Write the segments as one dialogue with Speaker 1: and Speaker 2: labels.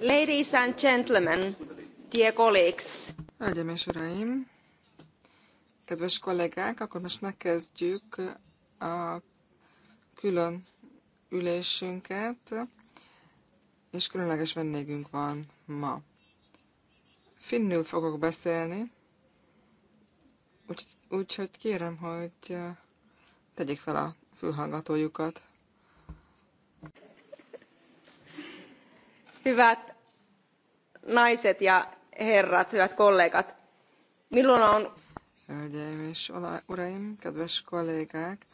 Speaker 1: Ladies and gentlemen, dear colleagues. Hölgyeim és uraim, kedves kollégák, akkor most megkezdjük a külön ülésünket, és különleges vendégünk van ma. Finnül fogok beszélni, úgyhogy úgy, kérem, hogy tegyék fel a fülhallgatójukat. Hyvät naiset ja herrat, hyvät kollegat, minulla on... Hölgyeim és uraim, kedves kollégák,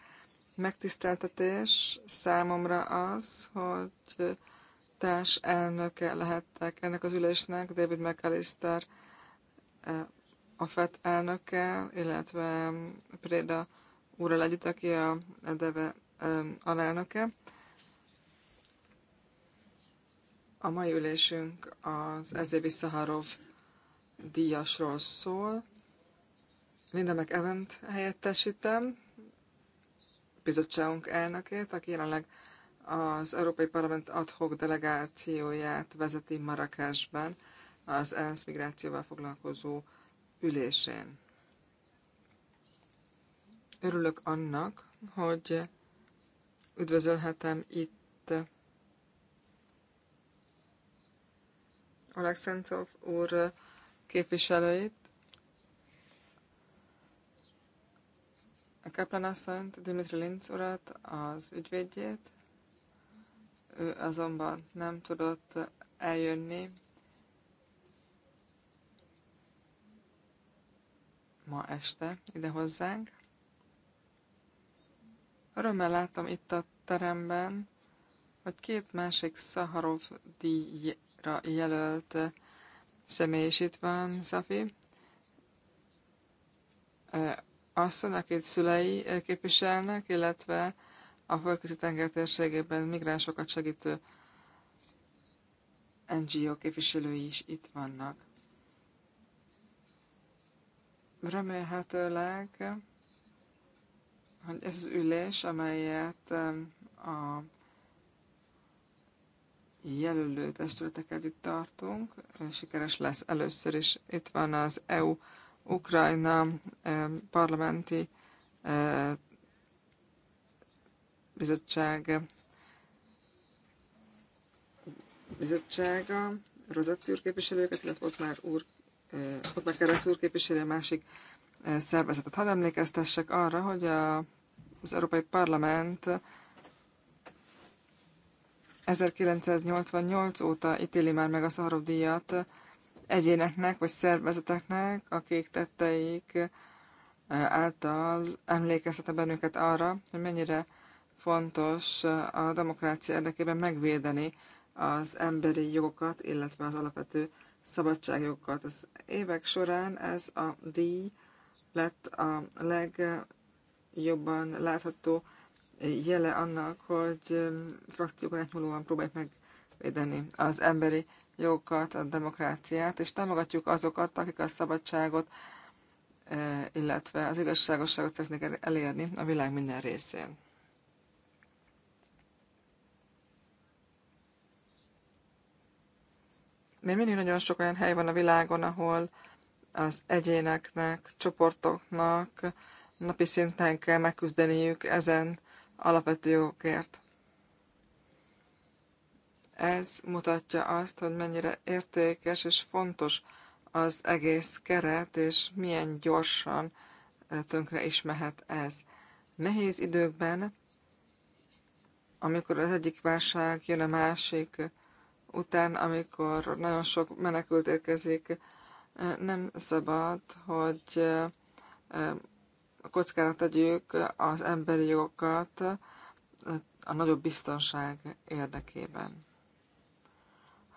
Speaker 1: megtiszteltetés számomra az, hogy társ elnöke lehettek ennek az ülésnek, David McAllister eh, a FET elnöke, illetve Préda úrral együtt, aki a DEVE eh, alelnöke. A mai ülésünk az Ezévi Szaharov díjasról szól. Linda McEvent helyettesítem, bizottságunk elnökét, aki jelenleg az Európai Parlament adhok delegációját vezeti Marrakesben az ENSZ migrációval foglalkozó ülésén. Örülök annak, hogy üdvözölhetem itt Alexencov úr képviselőit, a Kaplan asszonyt, Dimitri Linz urat, az ügyvédjét. Ő azonban nem tudott eljönni ma este ide hozzánk. Örömmel látom itt a teremben, hogy két másik Szaharov díj jelölt személy is itt van, Szafi. Asszony, akit szülei képviselnek, illetve a földközi tenger térségében migránsokat segítő NGO képviselői is itt vannak. Remélhetőleg, hogy ez az ülés, amelyet a jelölő testületek együtt tartunk, sikeres lesz először is. Itt van az EU-Ukrajna e, parlamenti e, bizottság bizottsága, Rozetti úr képviselőket, illetve ott már úr, e, ott már Keresz úr képviselő a másik szervezetet. Hadd emlékeztessek arra, hogy a, az Európai Parlament 1988 óta ítéli már meg a Szaharov díjat egyéneknek vagy szervezeteknek, akik tetteik eh, által emlékeztete bennünket arra, hogy mennyire fontos eh, a demokrácia érdekében megvédeni az emberi jogokat, illetve az alapvető szabadságjogokat. Az évek során ez a díj lett a legjobban látható jele annak, hogy frakciókon átmúlóan próbáljuk megvédeni az emberi jogokat, a demokráciát, és támogatjuk azokat, akik a szabadságot, illetve az igazságosságot szeretnék elérni a világ minden részén. Még mindig nagyon sok olyan hely van a világon, ahol az egyéneknek, csoportoknak napi szinten kell megküzdeniük ezen alapvető jogokért. Ez mutatja azt, hogy mennyire értékes és fontos az egész keret, és milyen gyorsan eh, tönkre is mehet ez. Nehéz időkben, amikor az egyik válság jön a másik, után, amikor nagyon sok menekült érkezik, eh, nem szabad, hogy eh, kockára tegyük az emberi jogokat a nagyobb biztonság érdekében.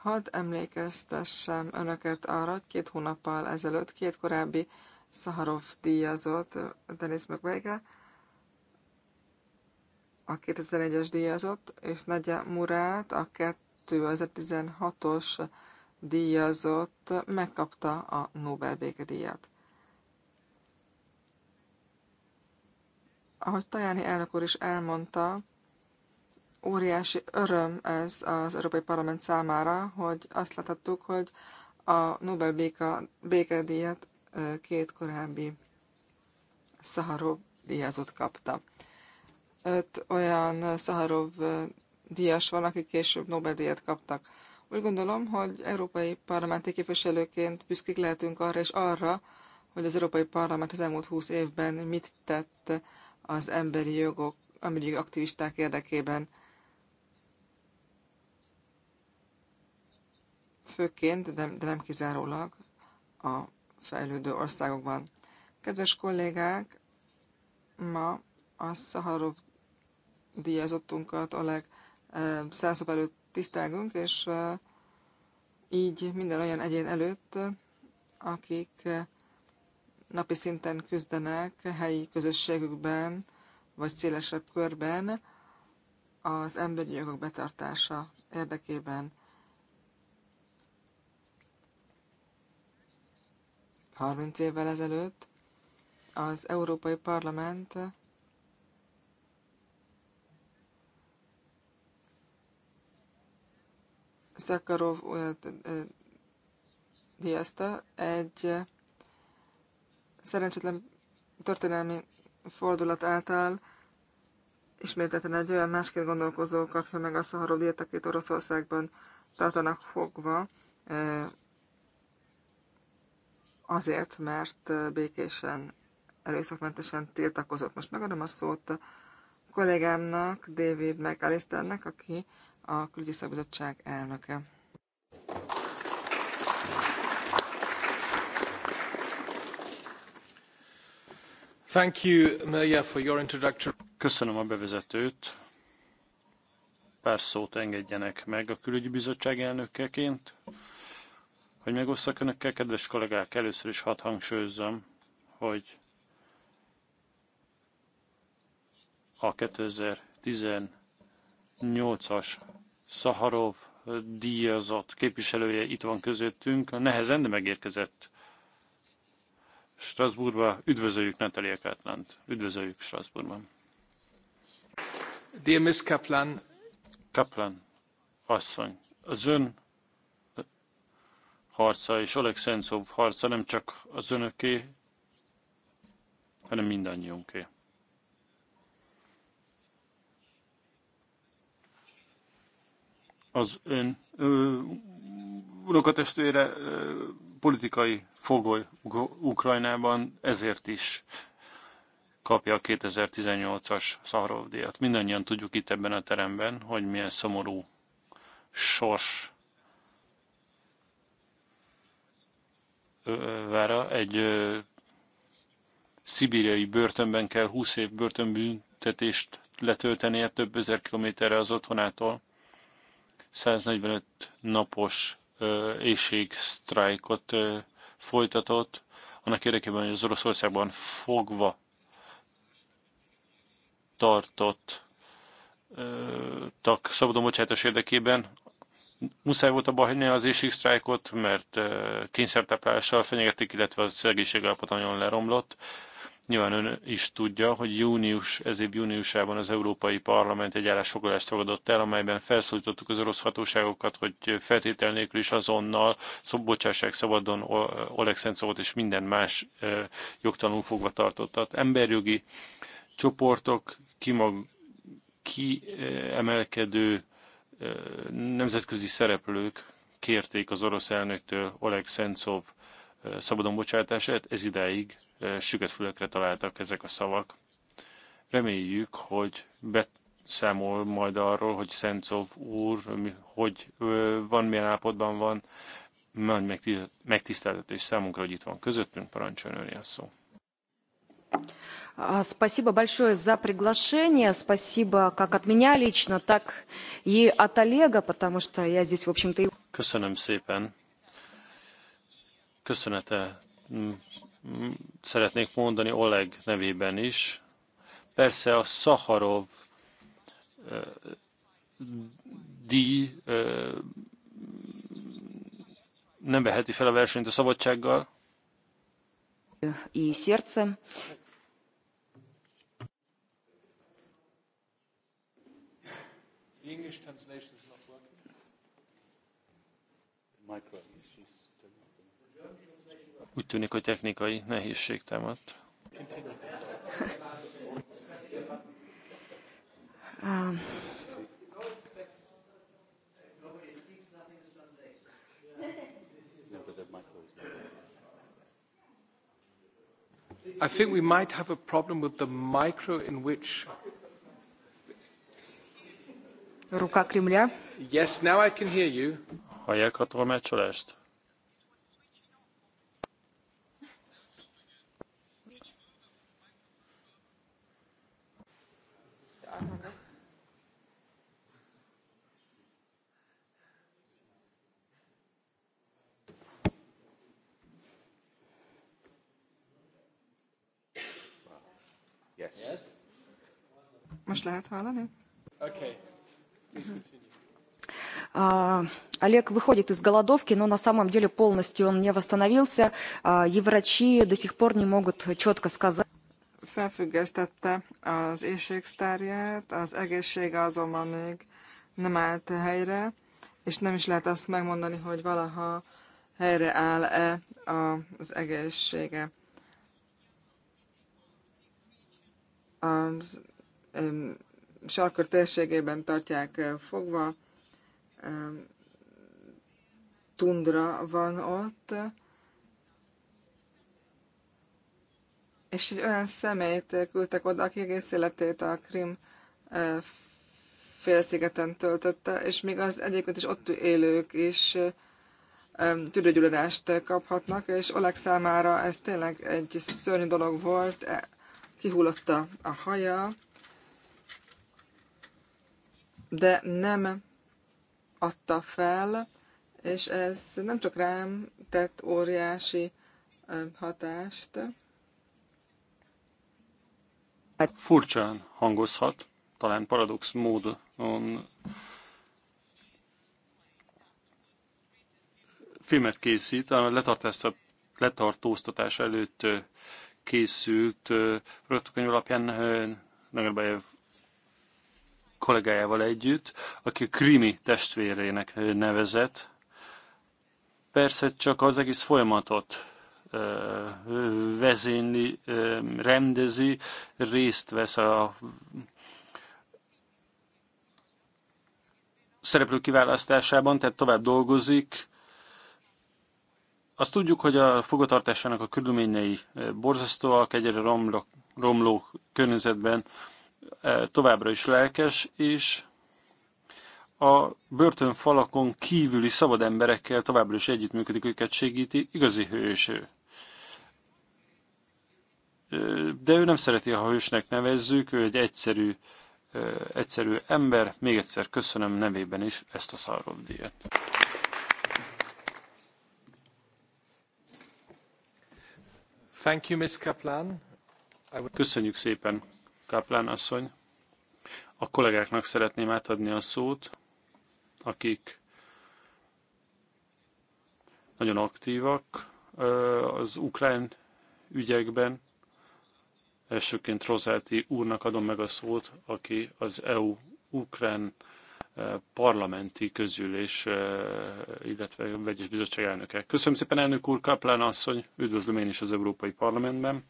Speaker 1: Hadd emlékeztessem önöket arra, hogy két hónappal ezelőtt két korábbi Szaharov díjazott, Denis Mukwege, a 2001-es díjazott, és Nagy Murát, a 2016-os díjazott, megkapta a Nobel békedíjat. Ahogy Tajani elnök úr is elmondta, óriási öröm ez az Európai Parlament számára, hogy azt láthattuk, hogy a Nobel béka, békedíjat két korábbi Szaharov díjazott kapta. Öt olyan Szaharov díjas van, akik később Nobel-díjat kaptak. Úgy gondolom, hogy európai parlamenti képviselőként büszkék lehetünk arra és arra, hogy az Európai Parlament az elmúlt húsz évben mit tett az emberi jogok, emberi aktivisták érdekében. Főként, de nem, de nem kizárólag a fejlődő országokban. Kedves kollégák, ma a Szaharov díjazottunkat a Szászop előtt tisztelgünk, és így minden olyan egyén előtt, akik napi szinten küzdenek helyi közösségükben, vagy szélesebb körben az emberi jogok betartása érdekében. Harminc évvel ezelőtt az Európai Parlament Szakarov díjazta egy szerencsétlen történelmi fordulat által ismételten egy olyan másként gondolkozó kapja meg a Szaharov akit Oroszországban tartanak fogva, eh, azért, mert eh, békésen, erőszakmentesen tiltakozott. Most megadom a szót a kollégámnak, David McAllisternek, aki a külügyi szabadság elnöke.
Speaker 2: Köszönöm a bevezetőt. Pár szót engedjenek meg a külügyi bizottság elnökeként. Hogy megosszak önökkel, kedves kollégák, először is hadd hangsúlyozzam, hogy a 2018-as Szaharov díjazott képviselője itt van közöttünk, nehezen, de megérkezett Strasbourgba. Üdvözöljük Natalia Kaplant. Üdvözöljük Strasbourgban. Dear Miss Kaplan. Kaplan, asszony, az ön harca és Oleg Szentszóv harca nem csak az önöké, hanem mindannyiunké. Az ön unokatestvére politikai fogoly Ukrajnában ezért is kapja a 2018-as Szaharov díjat. Mindannyian tudjuk itt ebben a teremben, hogy milyen szomorú sors vára. Egy ö, szibériai börtönben kell 20 év börtönbüntetést letöltenie több ezer kilométerre az otthonától. 145 napos éjségsztrájkot folytatott, annak érdekében, hogy az Oroszországban fogva tartott tak szabadon bocsájtás érdekében. Muszáj volt abba hagyni az éjségsztrájkot, mert kényszertáplással fenyegették, illetve az egészségállapot nagyon leromlott. Nyilván ön is tudja, hogy június, ez év júniusában az Európai Parlament egy állásfoglalást fogadott el, amelyben felszólítottuk az orosz hatóságokat, hogy feltétel nélkül is azonnal szobbocsássák szabadon Oleg Szentszovot és minden más jogtalanul fogva tartottat. Emberjogi csoportok, kimag, kiemelkedő nemzetközi szereplők kérték az orosz elnöktől Oleg Szentszov szabadon bocsátását. Ez ideig süket fülekre találtak ezek a szavak. Reméljük, hogy beszámol majd arról, hogy Szencov úr hogy van, milyen állapotban van, nagy megtiszteltetés számunkra, hogy itt van közöttünk, parancsoljon öné a szó.
Speaker 1: Спасибо большое за приглашение. Спасибо как от меня лично, так и от Олега, потому что я здесь, в общем-то...
Speaker 2: Köszönöm szépen köszönete mm, mm, szeretnék mondani Oleg nevében is. Persze a Szaharov díj nem veheti fel a versenyt a szabadsággal.
Speaker 1: И сердце
Speaker 2: Úgy tűnik, hogy technikai nehézség támadt.
Speaker 1: Um.
Speaker 3: I think we might have a problem with the micro in which.
Speaker 1: Ruka Kremlya.
Speaker 3: Yes,
Speaker 2: now I can hear you. Hallják a tolmácsolást?
Speaker 3: Yes. yes.
Speaker 1: Most lehet hallani? Okay. Олег выходит из голодовки, но на самом деле полностью он не восстановился. Еврачи до сих пор не могут четко сказать. nem nem is lehet azt megmondani, hogy valaha az sarkör térségében tartják eh, fogva, tundra van ott, és egy olyan személyt küldtek oda, aki egész életét a Krim eh, félszigeten töltötte, és még az egyébként is ott élők is eh, tüdőgyulladást kaphatnak, és Oleg számára ez tényleg egy szörnyű dolog volt, kihullotta a haja, de nem adta fel, és ez nem csak rám tett óriási hatást.
Speaker 2: Hát furcsán hangozhat, talán paradox módon filmet készít, a letartóztatás előtt készült protokoll alapján Nagarbayev kollégájával együtt, aki a krimi testvérének nevezett. Persze csak az egész folyamatot vezényli, rendezi, részt vesz a szereplők kiválasztásában, tehát tovább dolgozik, azt tudjuk, hogy a fogatartásának a körülményei eh, borzasztóak, egyre romló, romló környezetben eh, továbbra is lelkes, és a börtönfalakon kívüli szabad emberekkel továbbra is együttműködik, őket segíti, igazi hős ő. Eh, de ő nem szereti, ha hősnek nevezzük, ő egy egyszerű, egyszerű ember. Még egyszer köszönöm nevében is ezt a szarvadíjat. Köszönjük szépen, Kaplan asszony. A kollégáknak szeretném átadni a szót, akik nagyon aktívak az ukrán ügyekben. Elsőként Rozáti úrnak adom meg a szót, aki az EU-ukrán parlamenti közülés, illetve vegyes bizottság elnöke. Köszönöm szépen, elnök úr, Kaplán asszony, üdvözlöm én is az Európai Parlamentben.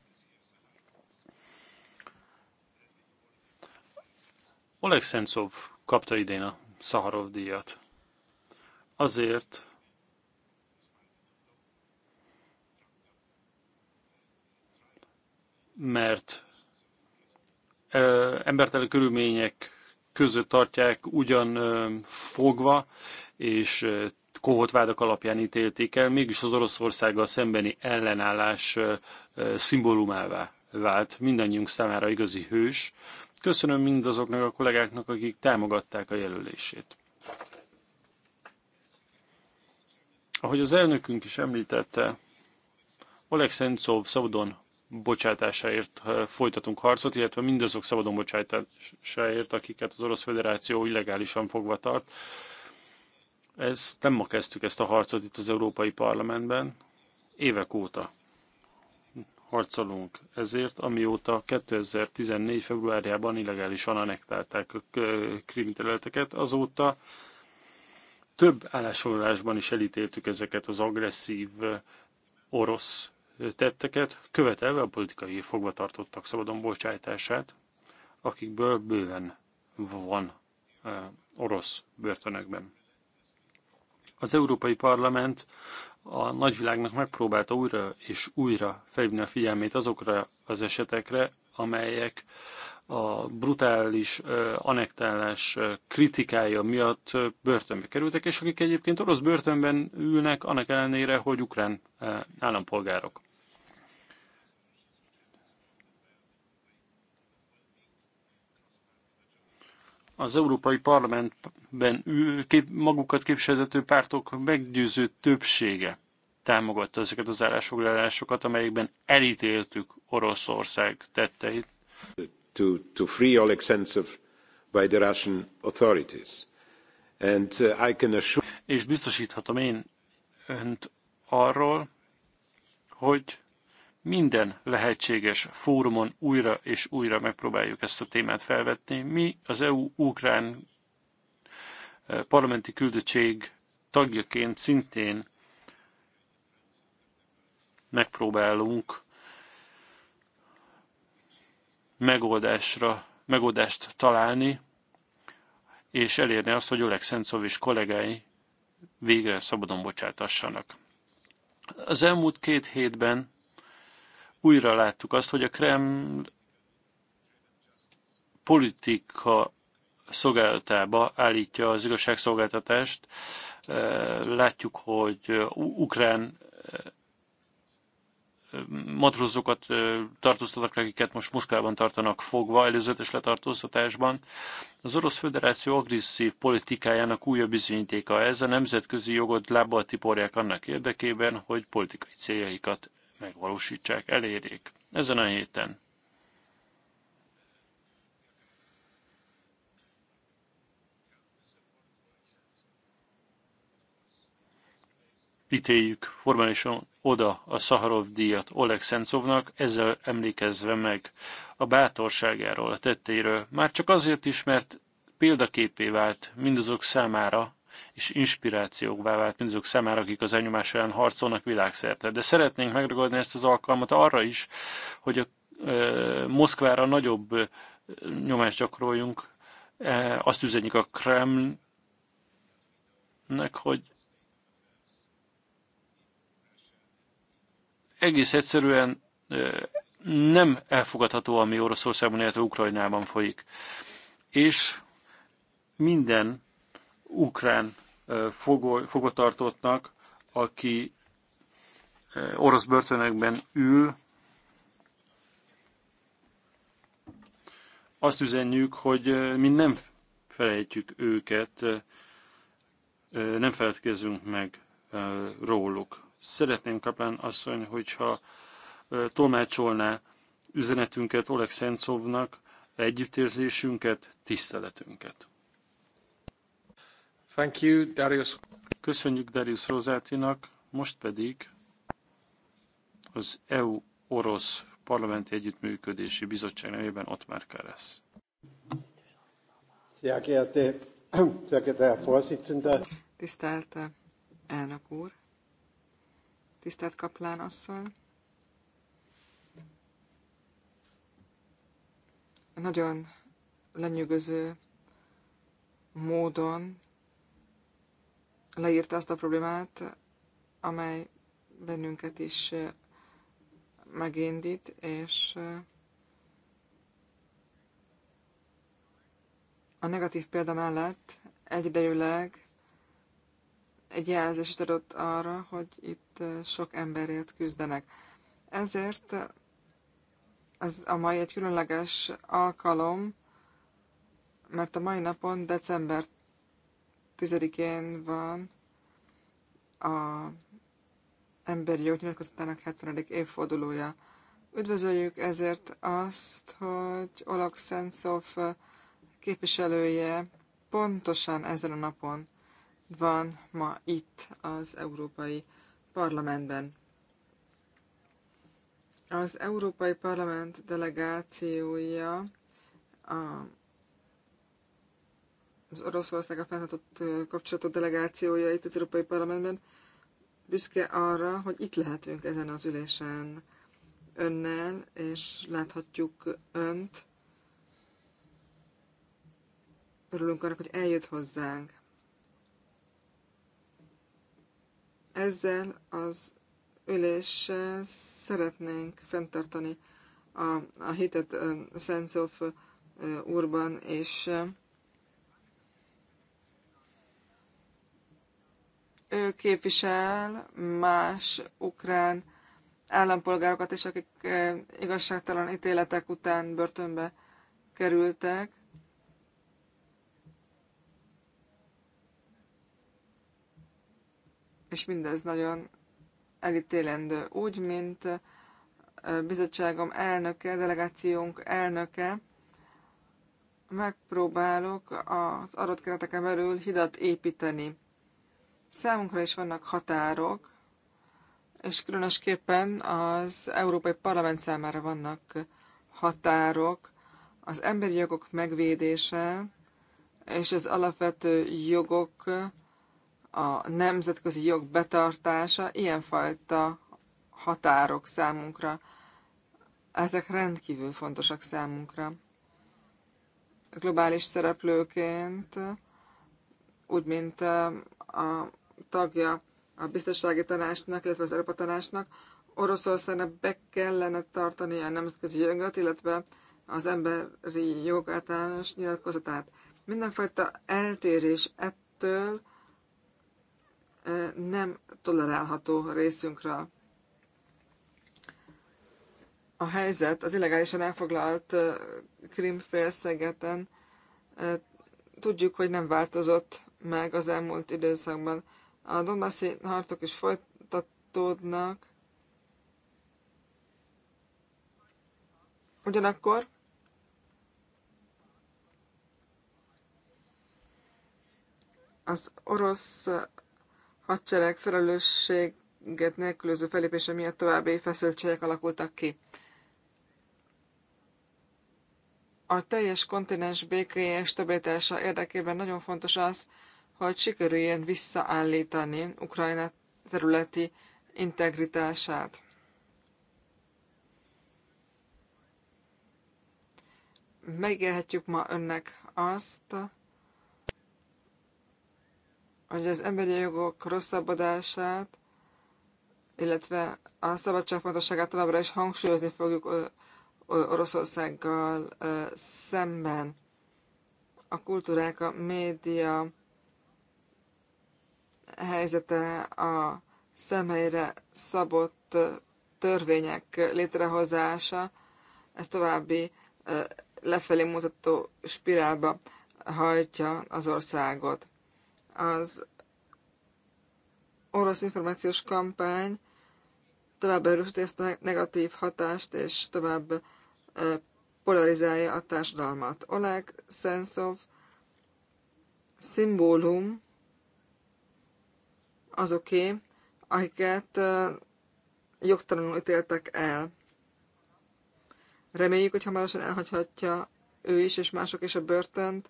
Speaker 2: Oleg Szentszov kapta idén a Szaharov díjat. Azért, mert embertelen körülmények között tartják ugyan fogva, és vádak alapján ítélték el, mégis az Oroszországgal szembeni ellenállás szimbólumává vált mindannyiunk számára igazi hős. Köszönöm mindazoknak a kollégáknak, akik támogatták a jelölését. Ahogy az elnökünk is említette, Oleg Szentszov szabadon bocsátásáért eh, folytatunk harcot, illetve mindazok szabadon bocsátásáért, akiket az Orosz Föderáció illegálisan fogva tart. Ez nem ma kezdtük ezt a harcot itt az Európai Parlamentben, évek óta harcolunk ezért, amióta 2014. februárjában illegálisan anektálták a krim területeket, azóta több állásolásban is elítéltük ezeket az agresszív eh, orosz tetteket, követelve a politikai fogvatartottak szabadon bocsájtását, akikből bőven van e, orosz börtönökben. Az Európai Parlament a nagyvilágnak megpróbálta újra és újra felhívni a figyelmét azokra az esetekre, amelyek a brutális e, anektálás e, kritikája miatt börtönbe kerültek, és akik egyébként orosz börtönben ülnek, annak ellenére, hogy ukrán állampolgárok. az Európai Parlamentben magukat képviseltető pártok meggyőző többsége támogatta ezeket az állásfoglalásokat, amelyekben elítéltük Oroszország tetteit. To, to free Oleg Sentsov by the Russian authorities. And uh, I can assure... És biztosíthatom én önt arról, hogy minden lehetséges fórumon újra és újra megpróbáljuk ezt a témát felvetni. Mi az EU-Ukrán eh, parlamenti küldöttség tagjaként szintén megpróbálunk megoldásra, megoldást találni, és elérni azt, hogy Oleg Szentszov és kollégái végre szabadon bocsátassanak. Az elmúlt két hétben újra láttuk azt, hogy a Kreml politika szolgálatába állítja az igazságszolgáltatást. Látjuk, hogy ukrán matrózokat tartóztatnak, akiket most Moszkvában tartanak fogva előzetes letartóztatásban. Az Orosz Föderáció agresszív politikájának újabb bizonyítéka ez, a nemzetközi jogot lábbal tiporják annak érdekében, hogy politikai céljaikat megvalósítsák, elérjék. Ezen a héten ítéljük formálisan oda a Szaharov díjat Oleg Szencovnak, ezzel emlékezve meg a bátorságáról, a tetteiről, már csak azért is, mert példaképé vált mindazok számára, és inspirációkvá vált mindazok szemára, akik az elnyomás ellen harcolnak világszerte. De szeretnénk megragadni ezt az alkalmat arra is, hogy a Moszkvára nagyobb nyomást gyakoroljunk. E, azt üzenjük a Kremlnek, hogy egész egyszerűen nem elfogadható, ami Oroszországban, illetve Ukrajnában folyik. És minden ukrán fogoly, fogotartottnak, aki orosz börtönökben ül. Azt üzenjük, hogy mi nem felejtjük őket, nem feledkezzünk meg róluk. Szeretném Kaplán asszony, hogyha tolmácsolná üzenetünket Oleg Szentszovnak, együttérzésünket, tiszteletünket. Thank you, Darius. Köszönjük Darius Rozátinak, most pedig az EU-orosz parlamenti együttműködési bizottság nevében ott már keresz.
Speaker 1: Tisztelt eh, elnök úr, tisztelt kaplán asszony, nagyon lenyűgöző módon leírta azt a problémát, amely bennünket is megindít, és a negatív példa mellett egyidejűleg egy jelzést adott arra, hogy itt sok emberért küzdenek. Ezért ez a mai egy különleges alkalom, mert a mai napon december 10-én van a emberi jognyilatkozatának 70. évfordulója. Üdvözöljük ezért azt, hogy Olak Szentszóf képviselője pontosan ezen a napon van ma itt az Európai Parlamentben. Az Európai Parlament delegációja a az Oroszország a fenntartott kapcsolatok delegációja itt az Európai Parlamentben büszke arra, hogy itt lehetünk ezen az ülésen önnel, és láthatjuk önt. Örülünk annak, hogy eljött hozzánk. Ezzel az üléssel szeretnénk fenntartani a, a hitet Szentszóf úrban, és ő képvisel más ukrán állampolgárokat is, akik igazságtalan ítéletek után börtönbe kerültek. És mindez nagyon elítélendő. Úgy, mint bizottságom elnöke, delegációnk elnöke, megpróbálok az adott kereteken belül hidat építeni Számunkra is vannak határok, és különösképpen az Európai Parlament számára vannak határok, az emberi jogok megvédése és az alapvető jogok, a nemzetközi jog betartása ilyenfajta határok számunkra. Ezek rendkívül fontosak számunkra. Globális szereplőként, úgy mint a tagja a biztonsági tanácsnak, illetve az Európa tanácsnak, Oroszországnak be kellene tartani a nemzetközi jogot, illetve az emberi jog általános nyilatkozatát. Mindenfajta eltérés ettől nem tolerálható részünkről. A helyzet az illegálisan elfoglalt Krim félszegeten tudjuk, hogy nem változott meg az elmúlt időszakban. A Donbassi harcok is folytatódnak. Ugyanakkor az orosz hadsereg felelősséget nélkülöző felépése miatt további feszültségek alakultak ki. A teljes kontinens békéje és stabilitása érdekében nagyon fontos az, hogy sikerüljön visszaállítani Ukrajna területi integritását. Megélhetjük ma önnek azt, hogy az emberi jogok rosszabbodását, illetve a szabadságfontosságát továbbra is hangsúlyozni fogjuk Oroszországgal szemben. A kultúrák, a média, helyzete a szemhelyre szabott törvények létrehozása, ez további lefelé mutató spirálba hajtja az országot. Az orosz információs kampány tovább erősíti ezt a negatív hatást, és tovább polarizálja a társadalmat. Oleg Szenszov szimbólum azoké, akiket jogtalanul ítéltek el. Reméljük, hogy hamarosan elhagyhatja ő is és mások is a börtönt,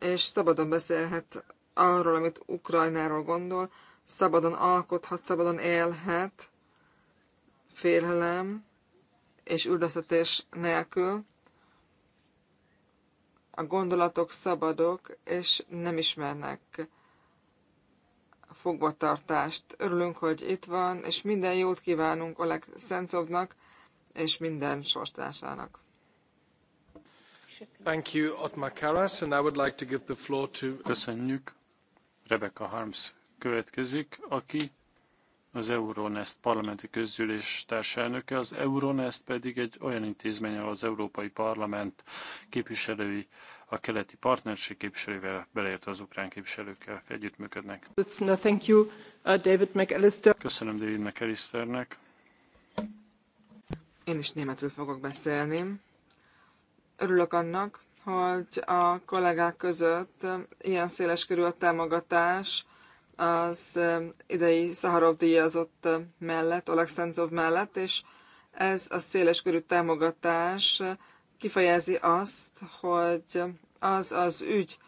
Speaker 1: és szabadon beszélhet arról, amit Ukrajnáról gondol, szabadon alkothat, szabadon élhet, félelem és üldöztetés nélkül a gondolatok szabadok, és nem ismernek fogvatartást. Örülünk, hogy itt van, és minden jót kívánunk Oleg Szencovnak, és minden sorstársának.
Speaker 3: Thank you,
Speaker 2: Otmar Karas, and I would like to give the floor to... Köszönjük. Rebecca Harms következik, aki az Euronest parlamenti közgyűlés társelnöke, az Euronest pedig egy olyan intézmény, ahol az Európai Parlament képviselői a keleti partnerség képviselővel, beleértve az ukrán képviselőkkel együttműködnek.
Speaker 1: thank you,
Speaker 2: uh, David Köszönöm David McAllisternek.
Speaker 1: Én is németről fogok beszélni. Örülök annak, hogy a kollégák között ilyen széles körül a támogatás az um, idei Szaharov díjazott um, mellett, Oleg mellett, és ez a körű támogatás uh, kifejezi azt, hogy az az ügy,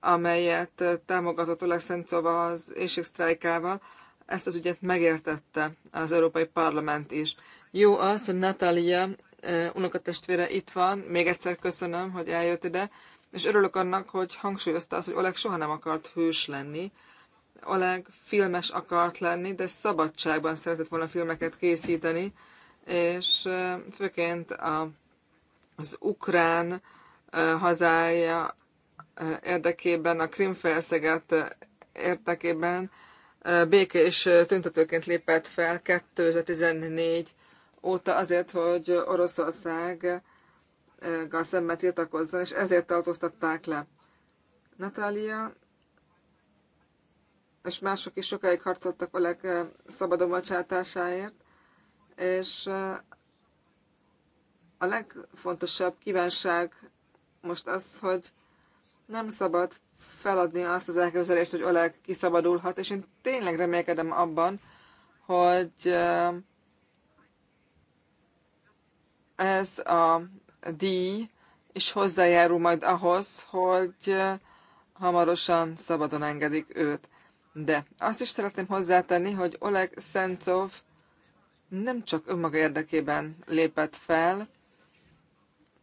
Speaker 1: amelyet uh, támogatott Oleg az éjségsztrájkával, ezt az ügyet megértette az Európai Parlament is. Jó az, hogy Natália uh, unokatestvére itt van, még egyszer köszönöm, hogy eljött ide, és örülök annak, hogy hangsúlyozta azt, hogy Oleg soha nem akart hős lenni, Oleg filmes akart lenni, de szabadságban szeretett volna filmeket készíteni, és főként a, az ukrán hazája érdekében, a Krimfelszeget érdekében békés tüntetőként lépett fel 2014 óta azért, hogy Oroszország szemben tiltakozzon, és ezért tartóztatták le. Natália és mások is sokáig harcoltak a legszabadon bocsátásáért, és eh, a legfontosabb kívánság most az, hogy nem szabad feladni azt az elképzelést, hogy Oleg kiszabadulhat, és én tényleg remélkedem abban, hogy eh, ez a díj is hozzájárul majd ahhoz, hogy eh, hamarosan szabadon engedik őt. De azt is szeretném hozzátenni, hogy Oleg Szentov nem csak önmaga érdekében lépett fel,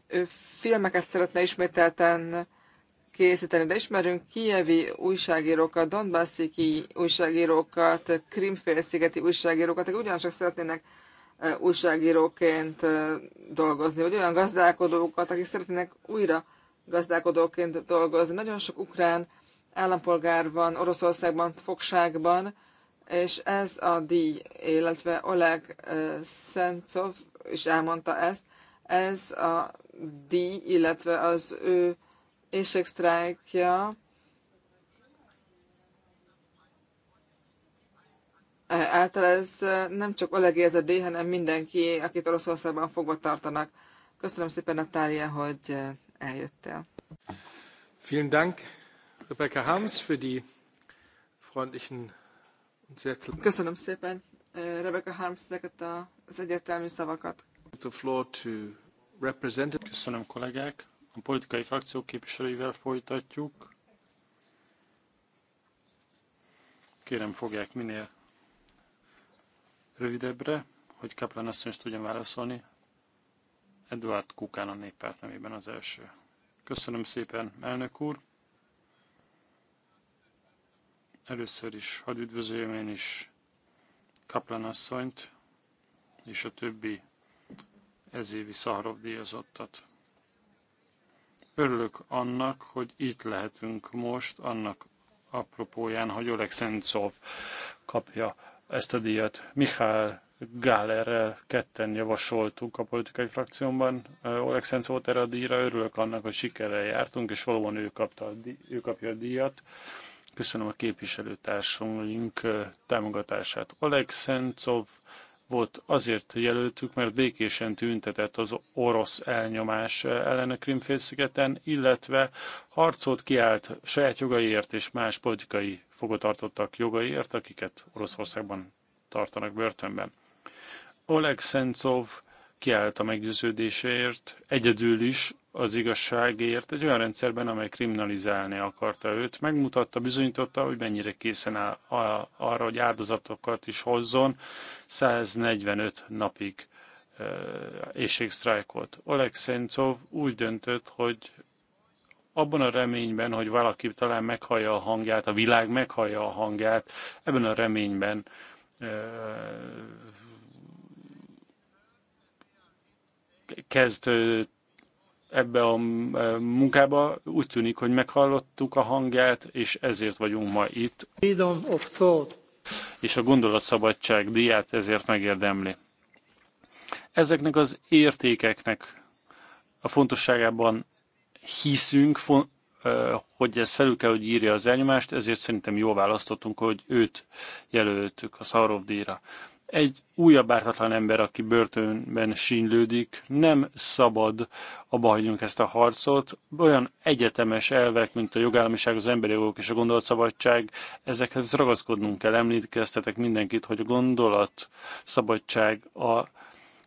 Speaker 1: ő filmeket szeretne ismételten készíteni, de ismerünk kievi újságírókat, Donbassiki újságírókat, Krimfélszigeti újságírókat, akik ugyanazok szeretnének e, újságíróként e, dolgozni, vagy olyan gazdálkodókat, akik szeretnének újra gazdálkodóként dolgozni. Nagyon sok ukrán állampolgár van Oroszországban fogságban, és ez a díj, illetve Oleg eh, Szentszov is elmondta ezt, ez a díj, illetve az ő éjségsztrájkja eh, által ez eh, nem csak Olegi ez a díj, hanem mindenki, akit Oroszországban fogva tartanak. Köszönöm szépen, Natália, hogy eljöttél.
Speaker 3: Vielen Dank. Rebecca Harms für die freundlichen und sehr Köszönöm
Speaker 1: szépen, eh, Rebecca Harms, ezeket a, az egyértelmű szavakat.
Speaker 2: The floor to representative. Köszönöm, kollégák. A politikai frakciók képviselőivel folytatjuk. Kérem, fogják minél rövidebbre, hogy Kaplan asszony is tudjon válaszolni. Eduard Kukán a néppárt nevében az első. Köszönöm szépen, elnök úr! Először is hadd üdvözöljem én is Kaplan asszonyt és a többi ezévi Szaharov díjazottat. Örülök annak, hogy itt lehetünk most, annak apropóján, hogy Oleg Szentszov kapja ezt a díjat. Mihály Gálerrel ketten javasoltuk a politikai frakciómban. Oleg Szentszót erre a díjra örülök annak, hogy sikerrel jártunk, és valóban ő, kapta a díj, ő kapja a díjat. Köszönöm a képviselőtársunk támogatását. Oleg Szencov volt azért jelöltük, mert békésen tüntetett az orosz elnyomás ellen a Krimfélszigeten, illetve harcolt kiállt saját jogaiért és más politikai fogotartottak jogaiért, akiket Oroszországban tartanak börtönben. Oleg Szencov kiállt a meggyőződéséért, egyedül is az igazságért egy olyan rendszerben, amely kriminalizálni akarta őt. Megmutatta, bizonyította, hogy mennyire készen áll arra, hogy áldozatokat is hozzon 145 napig éjségsztrájkot. Oleg Szencov úgy döntött, hogy abban a reményben, hogy valaki talán meghallja a hangját, a világ meghallja a hangját, ebben a reményben kezd ebbe a e, munkába. Úgy tűnik, hogy meghallottuk a hangját, és ezért vagyunk ma itt. És a gondolatszabadság díját ezért megérdemli. Ezeknek az értékeknek a fontosságában hiszünk, e, hogy ez felül kell, hogy írja az elnyomást, ezért szerintem jól választottunk, hogy őt jelöltük a Szarov díjra egy újabb ártatlan ember, aki börtönben sínlődik, nem szabad abba hagyjunk ezt a harcot. Olyan egyetemes elvek, mint a jogállamiság, az emberi jogok és a gondolatszabadság, ezekhez ragaszkodnunk kell. Említkeztetek mindenkit, hogy a gondolatszabadság a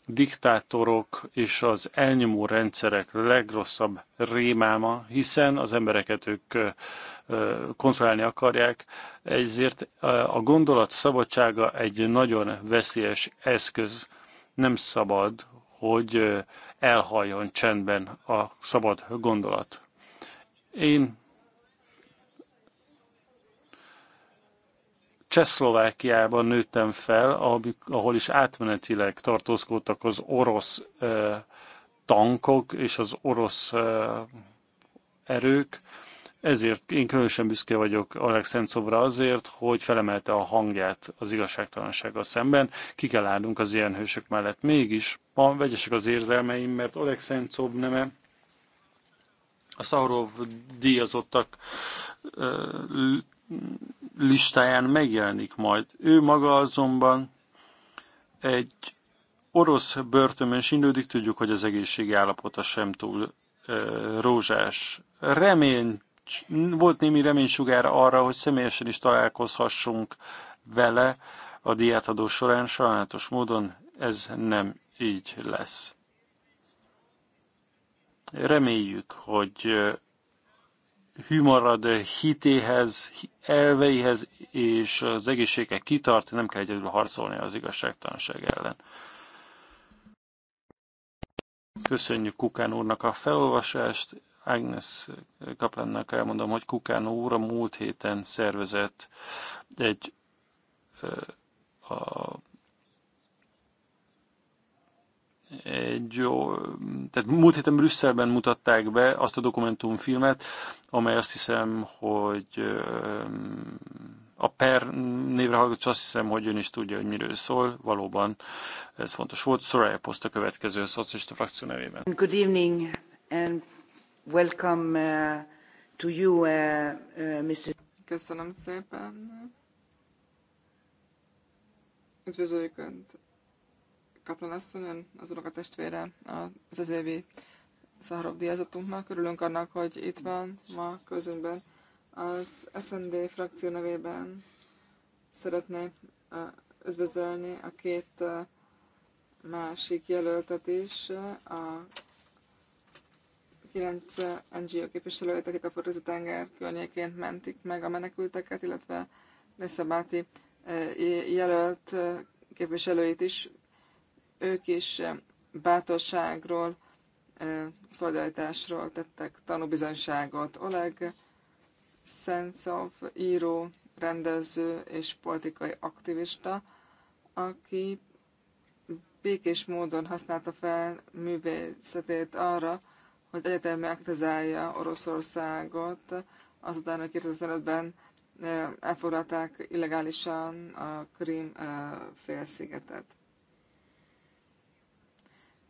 Speaker 2: diktátorok és az elnyomó rendszerek legrosszabb rémáma, hiszen az embereket ők kontrollálni akarják, ezért a gondolat szabadsága egy nagyon veszélyes eszköz. Nem szabad, hogy elhaljon csendben a szabad gondolat. Én Csehszlovákiában nőttem fel, ahol is átmenetileg tartózkodtak az orosz tankok és az orosz erők. Ezért én különösen büszke vagyok Alex azért, hogy felemelte a hangját az igazságtalansággal szemben. Ki kell állnunk az ilyen hősök mellett. Mégis ma vegyesek az érzelmeim, mert Oleg Szentszov a Szahorov díjazottak listáján megjelenik majd. Ő maga azonban egy orosz börtönben sinődik, tudjuk, hogy az egészségi állapota sem túl ö, rózsás. Remény, volt némi reménysugár arra, hogy személyesen is találkozhassunk vele a diátadó során, sajnálatos módon ez nem így lesz. Reméljük, hogy hűmarad eh, hitéhez, elveihez és az egészsége kitart, nem kell egyedül harcolni az igazságtalanság ellen. Köszönjük Kukán úrnak a felolvasást. Agnes Kaplannak elmondom, hogy Kukán úr a múlt héten szervezett egy eh, a egy jó, tehát múlt héten Brüsszelben mutatták be azt a dokumentumfilmet, amely azt hiszem, hogy a Per névre hallgat, azt hiszem, hogy ön is tudja, hogy miről szól. Valóban ez fontos volt. Soraya Post a következő a szocialista frakció nevében. Good
Speaker 1: evening and welcome uh, to you, uh, uh, Mrs. Köszönöm szépen. Üdvözöljük Önt, Kaplan asszony, ön az a testvére az ezévi Szaharov díjazottunknak. Örülünk annak, hogy itt van ma közünkben. Az SND frakció nevében szeretné üdvözölni a két másik jelöltet is, a kilenc NGO képviselőjét, akik a Földközi tenger környékén mentik meg a menekülteket, illetve Leszabáti jelölt képviselőit is ők is eh, bátorságról, eh, szolidaritásról tettek tanúbizonyságot. Oleg Szentszov író, rendező és politikai aktivista, aki békés módon használta fel művészetét arra, hogy egyetemmel kritizálja Oroszországot, azután, hogy 2005-ben eh, elfoglalták illegálisan a krim félszigetet.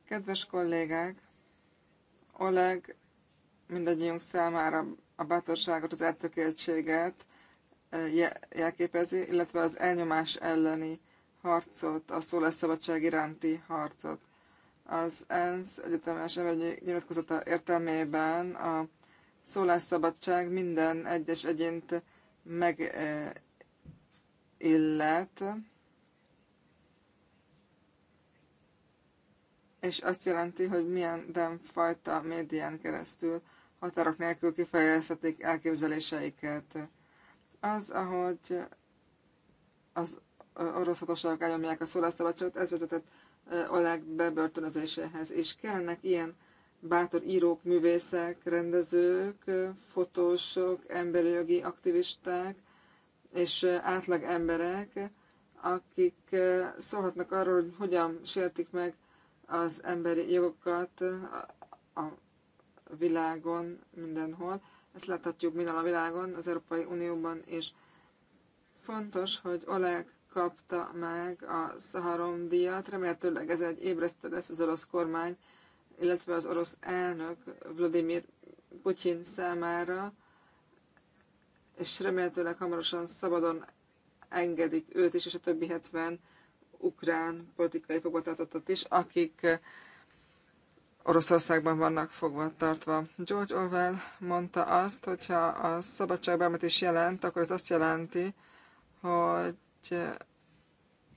Speaker 1: Kedves kollégák, Oleg mindannyiunk számára a bátorságot, az eltökéltséget eh, jelképezi, illetve az elnyomás elleni harcot, a szólásszabadság iránti harcot. Az ENSZ egyetemes emberi nyilatkozata értelmében a szólásszabadság minden egyes egyént megillet, és azt jelenti, hogy milyen fajta médián keresztül határok nélkül kifejezhetik elképzeléseiket. Az, ahogy az orosz hatóságok elnyomják a szólásszabadságot, ez vezetett Oleg bebörtönözéséhez, és kellenek ilyen bátor írók, művészek, rendezők, fotósok, emberi jogi aktivisták és átlag emberek, akik szólhatnak arról, hogy hogyan sértik meg az emberi jogokat a világon, mindenhol. Ezt láthatjuk minden a világon, az Európai Unióban is. Fontos, hogy Oleg kapta meg a Szaharom díjat, remélhetőleg ez egy ébresztő lesz az orosz kormány, illetve az orosz elnök Vladimir Putyin számára, és remélhetőleg hamarosan szabadon engedik őt is, és a többi 70 ukrán politikai fogvatartottat is, akik eh, Oroszországban vannak fogva tartva. George Orwell mondta azt, hogyha a szabadságbármat is jelent, akkor ez azt jelenti, hogy eh,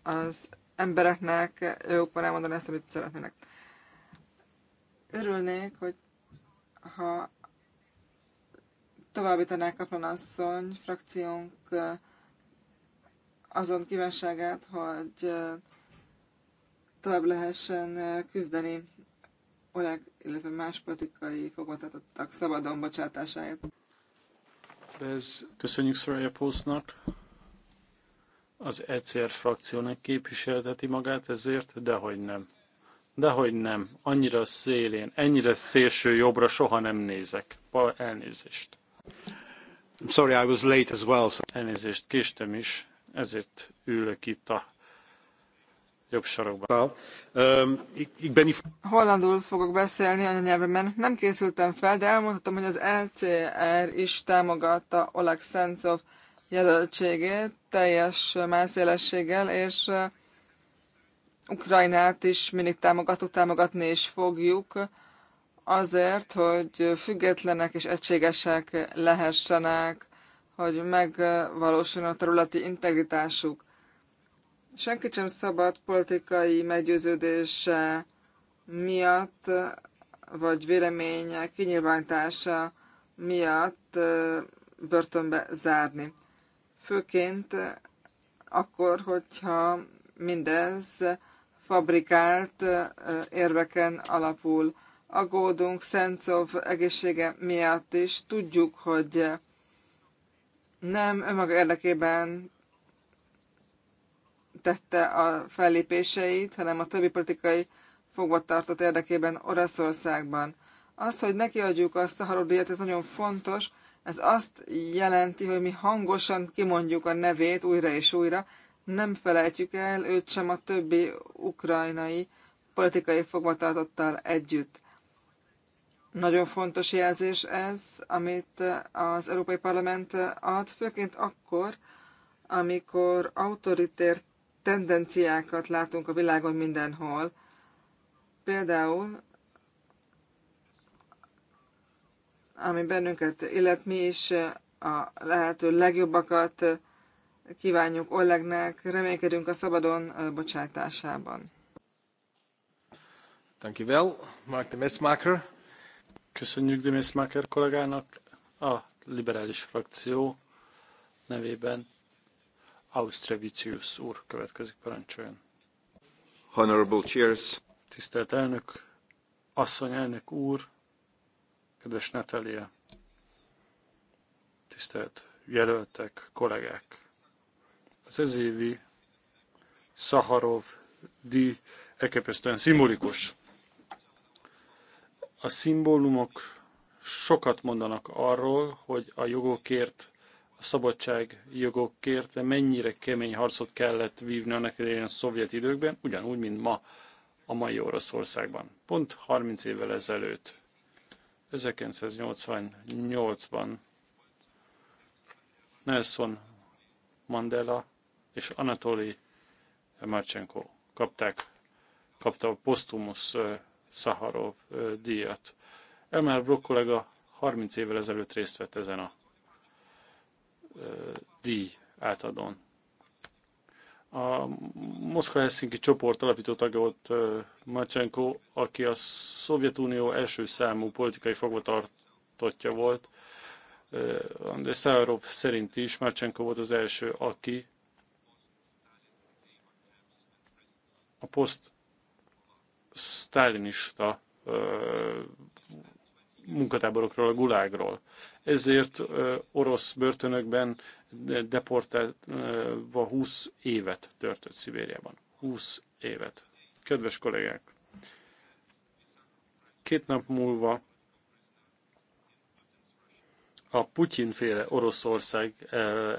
Speaker 1: az embereknek jók van elmondani ezt, amit szeretnének. Örülnék, hogy ha továbbítanák a asszony frakciónk eh, azon kívánságát, hogy tovább lehessen küzdeni Oleg, illetve más politikai fogvatartottak szabadon bocsátásáért.
Speaker 2: köszönjük Szorája Postnak. Az ECR frakciónak képviselteti magát ezért, dehogy nem. Dehogy nem. Annyira szélén, ennyire szélső jobbra soha nem nézek. elnézést. I'm sorry, I was late as well. So... Elnézést, késtem is ezért ülök itt a jobb sarokban. Um,
Speaker 1: Hollandul fogok beszélni anyanyelvemen. Nem készültem fel, de elmondhatom, hogy az LCR is támogatta Oleg Szentszov jelöltségét teljes mászélességgel, és uh, Ukrajnát is mindig támogattuk, támogatni is fogjuk azért, hogy függetlenek és egységesek lehessenek hogy megvalósuljon a területi integritásuk. Senki sem szabad politikai meggyőződése miatt, vagy véleménye kinyilvántása miatt börtönbe zárni. Főként akkor, hogyha mindez fabrikált érveken alapul. Aggódunk Szencov egészsége miatt is, tudjuk, hogy nem önmaga érdekében tette a fellépéseit, hanem a többi politikai fogvatartott érdekében Oroszországban. Az, hogy nekiadjuk azt a harodíjat, ez nagyon fontos, ez azt jelenti, hogy mi hangosan kimondjuk a nevét újra és újra, nem felejtjük el őt sem a többi ukrajnai politikai fogvatartottal együtt. Nagyon fontos jelzés ez, amit az Európai Parlament ad, főként akkor, amikor autoritér tendenciákat látunk a világon mindenhol. Például, ami bennünket illet, mi is a lehető legjobbakat kívánjuk Olegnek, reménykedünk a szabadon bocsátásában.
Speaker 3: Thank you well, Mark the Messmaker. Köszönjük Demészmáker kollégának
Speaker 2: a liberális frakció nevében. Austrevicius úr következik parancsoljon.
Speaker 3: Honorable chairs.
Speaker 2: Tisztelt elnök, asszony elnök úr, kedves Natalia, tisztelt jelöltek, kollégák. Az ezévi Szaharov díj elképesztően szimbolikus. A szimbólumok sokat mondanak arról, hogy a jogokért, a szabadság jogokért de mennyire kemény harcot kellett vívni annak idején a szovjet időkben, ugyanúgy, mint ma a mai Oroszországban. Pont 30 évvel ezelőtt, 1988-ban Nelson Mandela és Anatoli Marchenko kapták, kapta a posztumusz Szaharov díjat. Emel Brock kollega 30 évvel ezelőtt részt vett ezen a díj átadón. A Moszkva-Helsinki csoport alapító tagja volt Macsenko, aki a Szovjetunió első számú politikai fogvatartotja volt. Andrei Szárov szerint is Macsenko volt az első, aki a poszt sztálinista munkatáborokról, a gulágról. Ezért orosz börtönökben deportálva 20 évet törtött Szibériában. 20 évet. Kedves kollégák, két nap múlva a Putyin-féle Oroszország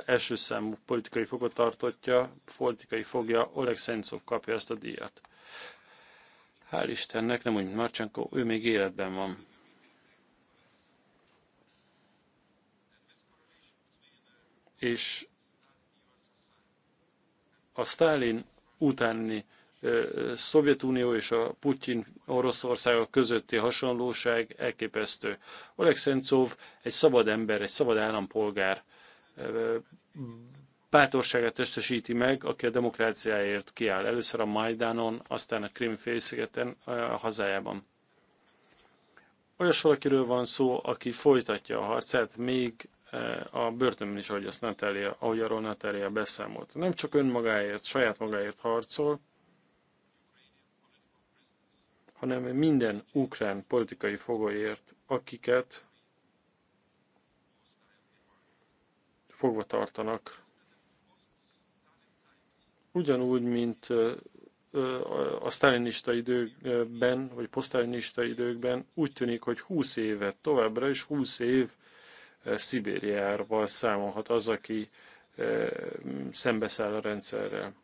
Speaker 2: első számú politikai fogatartotja, politikai fogja, Oleg Szentszov kapja ezt a díjat. Hál' Istennek, nem úgy, mint Marcsenko, ő még életben van. És a Stalin utáni Szovjetunió és a Putyin Oroszországa közötti hasonlóság elképesztő. Oleg Szentszov egy szabad ember, egy szabad állampolgár bátorságát testesíti meg, aki a demokráciáért kiáll. Először a Majdánon, aztán a Krim félszigeten, a hazájában. Olyas valakiről van szó, aki folytatja a harcát, még a börtönben is, ahogy, azt Natália, ahogy arról Natália beszámolt. Nem csak önmagáért, saját magáért harcol, hanem minden ukrán politikai fogolyért, akiket fogva tartanak Ugyanúgy, mint a sztálinista időkben, vagy posztálinista időkben úgy tűnik, hogy 20 évet továbbra is 20 év Szibériával számolhat az, aki szembeszáll a rendszerrel.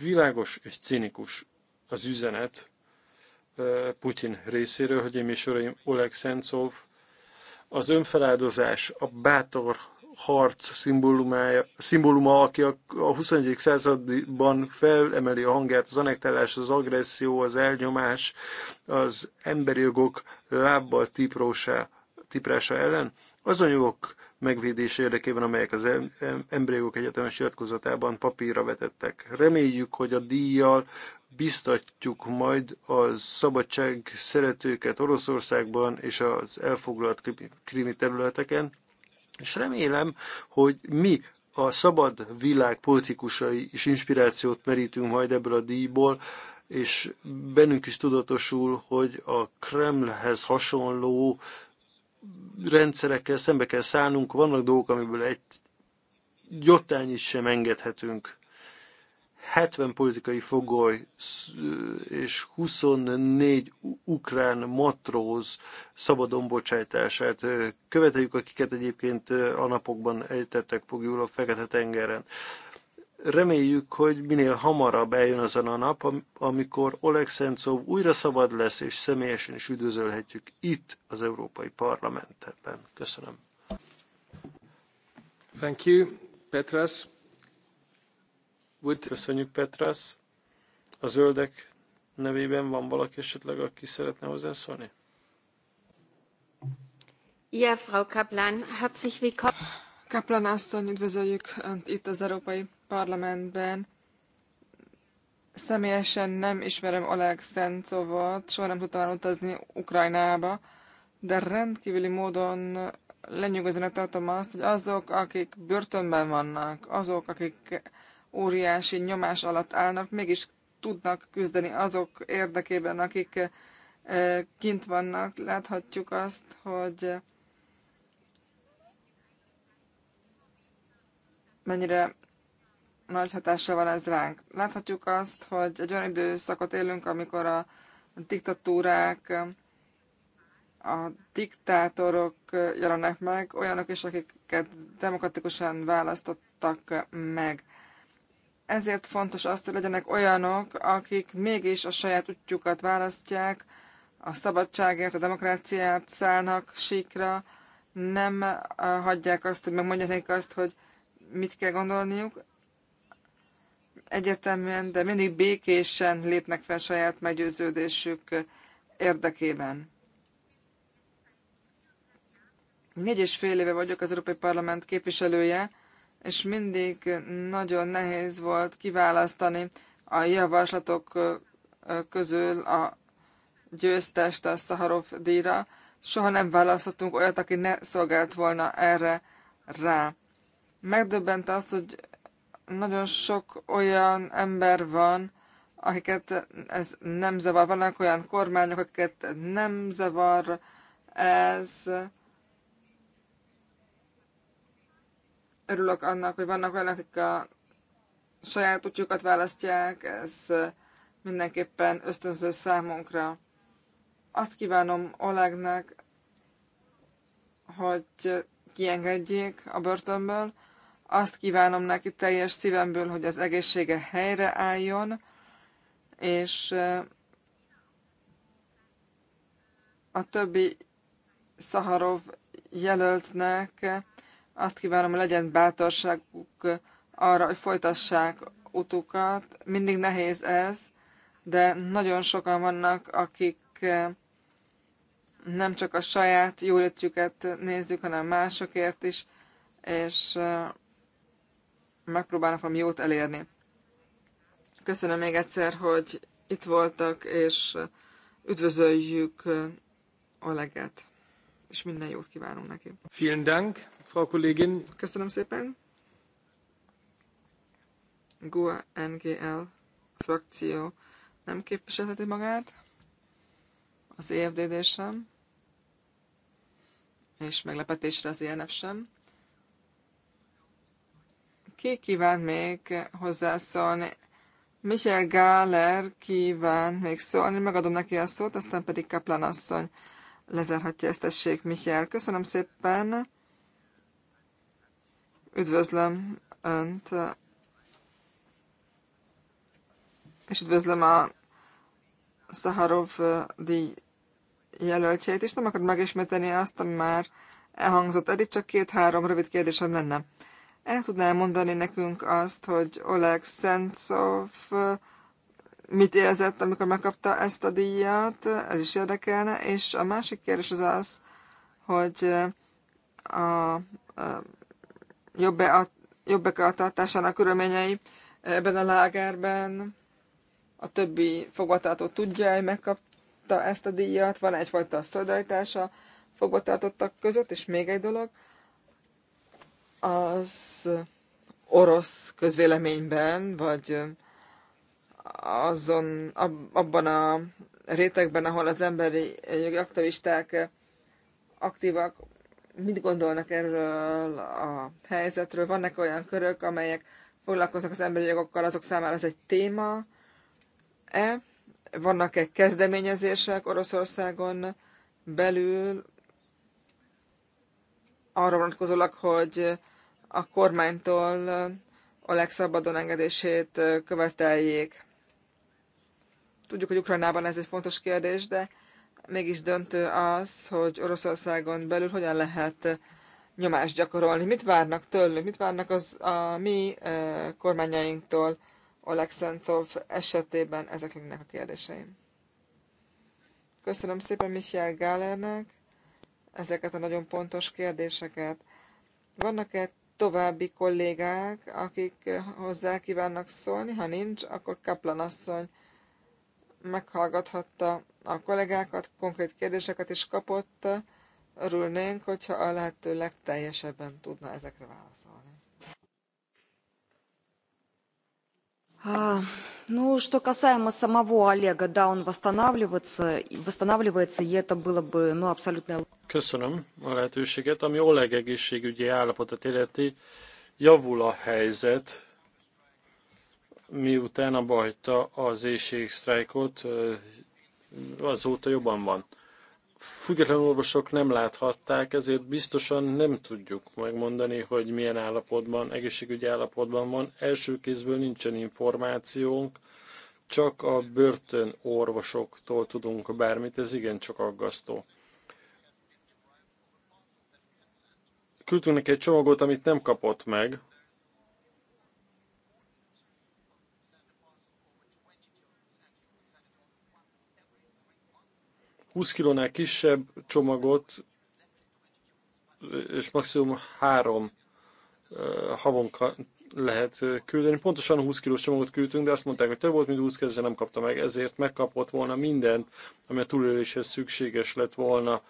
Speaker 2: Világos és cinikus az üzenet Putin részéről, hogy én és uraim, Oleg Szentszov az önfeláldozás a bátor harc szimbólumája, szimbóluma, aki a, a
Speaker 4: 21. században felemeli a hangját, az anektálás, az agresszió, az elnyomás, az emberi jogok lábbal típrósá, típrása ellen, azon jogok megvédése érdekében, amelyek az Embryogok Egyetemes Nyilatkozatában papírra vetettek. Reméljük, hogy a díjjal biztatjuk majd a szabadság szeretőket Oroszországban és az elfoglalt krimi területeken, és remélem, hogy mi a szabad világ politikusai is inspirációt merítünk majd ebből a díjból, és bennünk is tudatosul, hogy a Kremlhez hasonló rendszerekkel szembe kell szállnunk, vannak dolgok, amiből egy jottányit sem engedhetünk 70 politikai fogoly és 24 ukrán matróz szabadon bocsájtását követeljük, akiket egyébként a napokban ejtettek fogjul a Fekete-tengeren. Reméljük, hogy minél hamarabb eljön azon a nap, amikor Oleg Szentszov újra szabad lesz, és személyesen is üdvözölhetjük itt az Európai Parlamentben. Köszönöm.
Speaker 3: Thank you, Petras.
Speaker 2: Úgy köszönjük Petrász. A zöldek nevében van valaki esetleg, aki szeretne hozzászólni?
Speaker 1: Ja, Frau Kaplan, herzlich willkommen. Kaplan asszony, üdvözöljük itt az Európai Parlamentben. Személyesen nem ismerem Oleg Szencovot, soha nem tudtam elutazni Ukrajnába, de rendkívüli módon lenyűgözőnek tartom azt, hogy azok, akik börtönben vannak, azok, akik óriási nyomás alatt állnak, mégis tudnak küzdeni azok érdekében, akik eh, kint vannak. Láthatjuk azt, hogy mennyire nagy hatása van ez ránk. Láthatjuk azt, hogy egy olyan időszakot élünk, amikor a diktatúrák, a diktátorok jelennek meg, olyanok is, akiket demokratikusan választottak meg ezért fontos az, hogy legyenek olyanok, akik mégis a saját útjukat választják, a szabadságért, a demokráciát szállnak síkra, nem eh, hagyják azt, hogy megmondják nekik azt, hogy mit kell gondolniuk, egyértelműen, de mindig békésen lépnek fel saját meggyőződésük érdekében. Négy és fél éve vagyok az Európai Parlament képviselője, és mindig nagyon nehéz volt kiválasztani a javaslatok közül a győztest a Szaharov díjra. Soha nem választottunk olyat, aki ne szolgált volna erre rá. Megdöbbent az, hogy nagyon sok olyan ember van, akiket ez nem zavar. Vannak olyan kormányok, akiket nem zavar ez, örülök annak, hogy vannak olyanok, akik a saját útjukat választják, ez mindenképpen ösztönző számunkra. Azt kívánom Olegnek, hogy kiengedjék a börtönből, azt kívánom neki teljes szívemből, hogy az egészsége helyreálljon, és a többi Szaharov jelöltnek azt kívánom, hogy legyen bátorságuk arra, hogy folytassák utukat. Mindig nehéz ez, de nagyon sokan vannak, akik eh, nem csak a saját jólétjüket nézzük, hanem másokért is, és eh, megpróbálnak valami jót elérni. Köszönöm még egyszer, hogy itt voltak, és eh, üdvözöljük Oleget, és minden jót kívánunk neki. Vielen Dank. Frau Kollegin. Köszönöm szépen. GUA NGL frakció nem képviselheti magát, az EFDD sem, és meglepetésre az ENF sem. Ki kíván még hozzászólni? Michel Gáler kíván még szólni, megadom neki a szót, aztán pedig Kaplan asszony lezárhatja ezt. Tessék, Michel, köszönöm szépen. Üdvözlöm Önt, és üdvözlöm a Szaharov díj jelöltjeit, és nem akarod megismételni azt, ami már elhangzott eddig, csak két-három rövid kérdésem lenne. El tudnál mondani nekünk azt, hogy Oleg Szentszov mit érzett, amikor megkapta ezt a díjat, ez is érdekelne, és a másik kérdés az az, hogy a jobb, beat, jobb körülményei ebben a lágerben. A többi fogvatartó tudja, hogy megkapta ezt a díjat, van egyfajta szolidaritás a fogvatartottak között, és még egy dolog, az orosz közvéleményben, vagy azon, abban a rétegben, ahol az emberi jogi aktivisták aktívak mit gondolnak erről a helyzetről. Vannak olyan körök, amelyek foglalkoznak az emberi jogokkal, azok számára ez egy téma-e? Vannak-e kezdeményezések Oroszországon belül arra vonatkozólag, hogy a kormánytól a legszabadon engedését követeljék? Tudjuk, hogy Ukrajnában ez egy fontos kérdés, de mégis döntő az, hogy Oroszországon belül hogyan lehet nyomást gyakorolni. Mit várnak tőlünk, mit várnak az a mi e, kormányainktól Olekszencov esetében? Ezek a kérdéseim. Köszönöm szépen Michel Gálernek ezeket a nagyon pontos kérdéseket. Vannak-e további kollégák, akik hozzá kívánnak szólni? Ha nincs, akkor Kaplan asszony meghallgathatta a kollégákat, konkrét kérdéseket is kapott. Örülnénk, hogyha a lehető legteljesebben tudna ezekre válaszolni. А, Ну, что касаемо самого Олега, да, он восстанавливается, восстанавливается, и это было бы, ну, абсолютно...
Speaker 2: Köszönöm a lehetőséget. Ami Oleg egészségügyi állapotát illeti, javul a helyzet, miután a bajta az éjségsztrájkot azóta jobban van. Független orvosok nem láthatták, ezért biztosan nem tudjuk megmondani, hogy milyen állapotban, egészségügyi állapotban van. Első kézből nincsen információnk, csak a börtön orvosoktól tudunk bármit, ez igen csak aggasztó. Küldtünk neki egy csomagot, amit nem kapott meg, 20 kilónál kisebb csomagot és maximum 3 havonka lehet küldeni. Pontosan 20 kilós csomagot küldtünk, de azt mondták, hogy több volt, mint 20 kezdve nem kapta meg, ezért megkapott volna mindent, ami a túléléshez szükséges lett volna,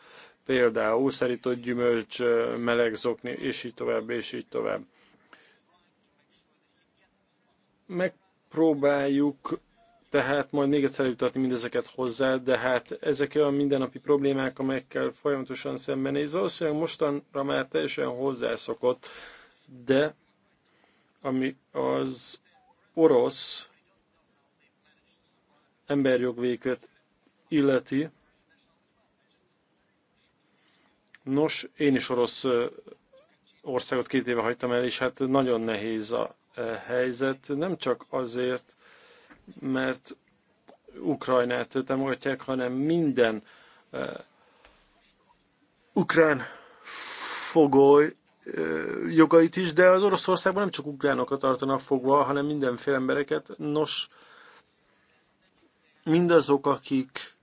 Speaker 2: például szerított gyümölcs, meleg zokni, és így tovább, és így tovább. Megpróbáljuk tehát majd még egyszer jutatni mindezeket hozzá, de hát ezek olyan mindennapi problémák, amelyekkel folyamatosan szembenéz. Valószínűleg mostanra már teljesen hozzászokott, de ami az orosz emberjogvéket illeti, nos, én is orosz országot két éve hagytam el, és hát nagyon nehéz a helyzet, nem csak azért, mert Ukrajnát támogatják, hanem minden uh, ukrán
Speaker 4: fogoly uh, jogait is, de az Oroszországban nem csak ukránokat tartanak fogva, hanem mindenféle embereket. Nos, mindazok, akik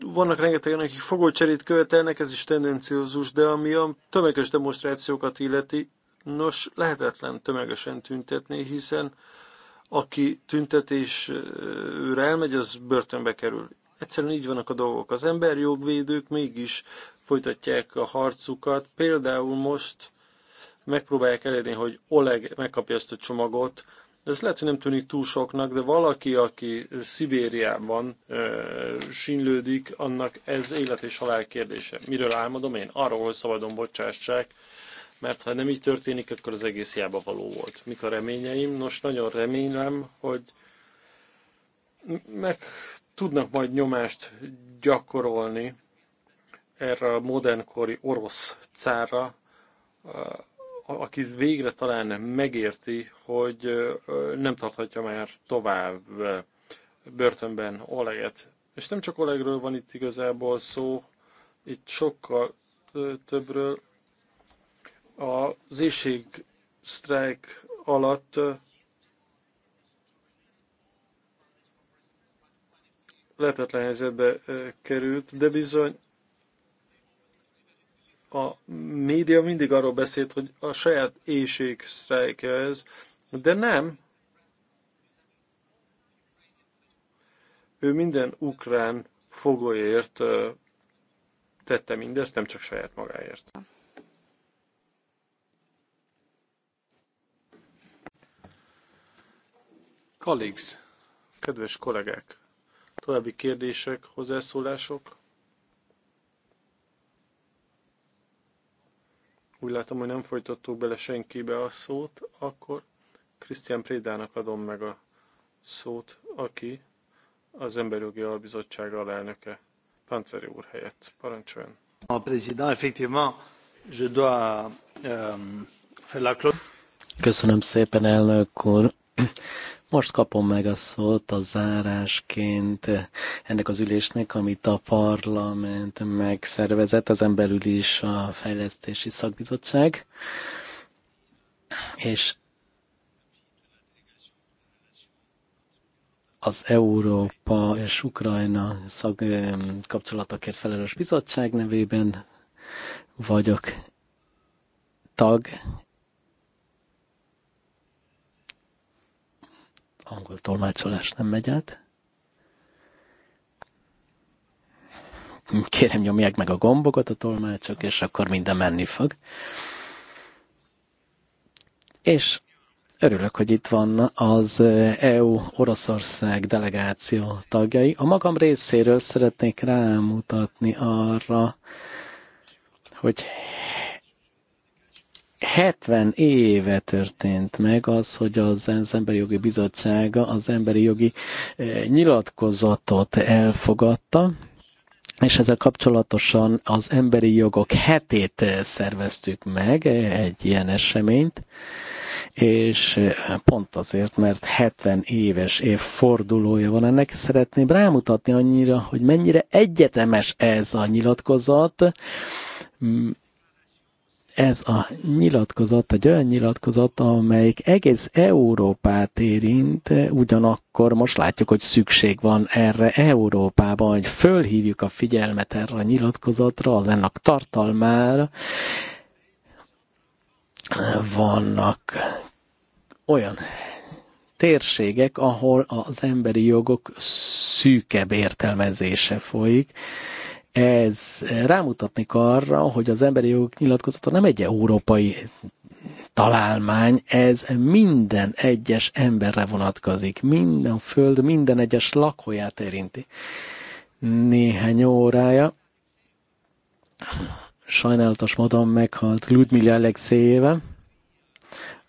Speaker 4: vannak rengetegen, akik fogócserét követelnek, ez is tendenciózus, de ami a tömeges demonstrációkat illeti, Nos, lehetetlen tömegesen tüntetni, hiszen aki tüntetésre elmegy, az börtönbe kerül. Egyszerűen így vannak a dolgok. Az
Speaker 2: emberjogvédők mégis folytatják a harcukat. Például most megpróbálják elérni, hogy Oleg megkapja ezt a csomagot. Ez lehet, hogy nem tűnik túl soknak, de valaki, aki Szibériában ö, sínlődik, annak ez élet és halál kérdése. Miről álmodom én? Arról, hogy szabadon bocsássák mert ha nem így történik, akkor az egész hiába való volt. Mik a reményeim? Nos, nagyon remélem, hogy meg tudnak majd nyomást gyakorolni erre a modernkori orosz cára, aki végre talán megérti, hogy nem tarthatja már tovább börtönben Oleget. És nem csak Olegről van itt igazából szó, itt sokkal többről, az éjség sztrájk alatt eh, lehetetlen helyzetbe eh, került, de bizony a média mindig arról beszélt, hogy a saját éjség sztrájkja ez, de nem. Ő minden ukrán fogoért eh, tette mindezt, nem csak saját magáért. Colleagues, kedves kollégák, további kérdések, hozzászólások? Úgy látom, hogy nem folytattuk bele senkibe a szót, akkor Krisztián Prédának adom meg a szót, aki az Emberjogi Albizottság alelnöke, Panceri úr helyett. Parancsoljon!
Speaker 4: A président, effectivement, je dois euh, faire la
Speaker 3: Köszönöm szépen, elnök úr. Most kapom meg a szót a zárásként ennek az ülésnek, amit a parlament megszervezett, ezen belül is a Fejlesztési Szakbizottság. És az Európa és Ukrajna szag, kapcsolatokért felelős bizottság nevében vagyok tag, angol tolmácsolás nem megy át. Kérem, nyomják meg a gombokat a tolmácsok, és akkor minden menni fog. És örülök, hogy itt van az EU eh, e Oroszország delegáció tagjai. A magam részéről szeretnék rámutatni arra, hogy 70 éve történt meg az, hogy az ENSZ Emberi Jogi Bizottsága az emberi jogi eh, nyilatkozatot elfogadta, és ezzel kapcsolatosan az emberi jogok hetét eh, szerveztük meg, eh, egy ilyen eseményt, és pont azért, mert 70 éves fordulója van ennek, szeretném rámutatni annyira, hogy mennyire egyetemes ez a nyilatkozat, ez a nyilatkozat egy olyan nyilatkozat, amelyik egész Európát érint, ugyanakkor most látjuk, hogy szükség van erre Európában, hogy fölhívjuk a figyelmet erre a nyilatkozatra, az ennek tartalmára. Vannak olyan térségek, ahol az emberi jogok szűkebb értelmezése folyik, ez rámutatnék arra, hogy az emberi jogok nyilatkozata nem egy európai találmány, ez minden egyes emberre vonatkozik, minden föld, minden egyes lakóját érinti. Néhány órája sajnálatos módon meghalt Ludmilla Alexejeva,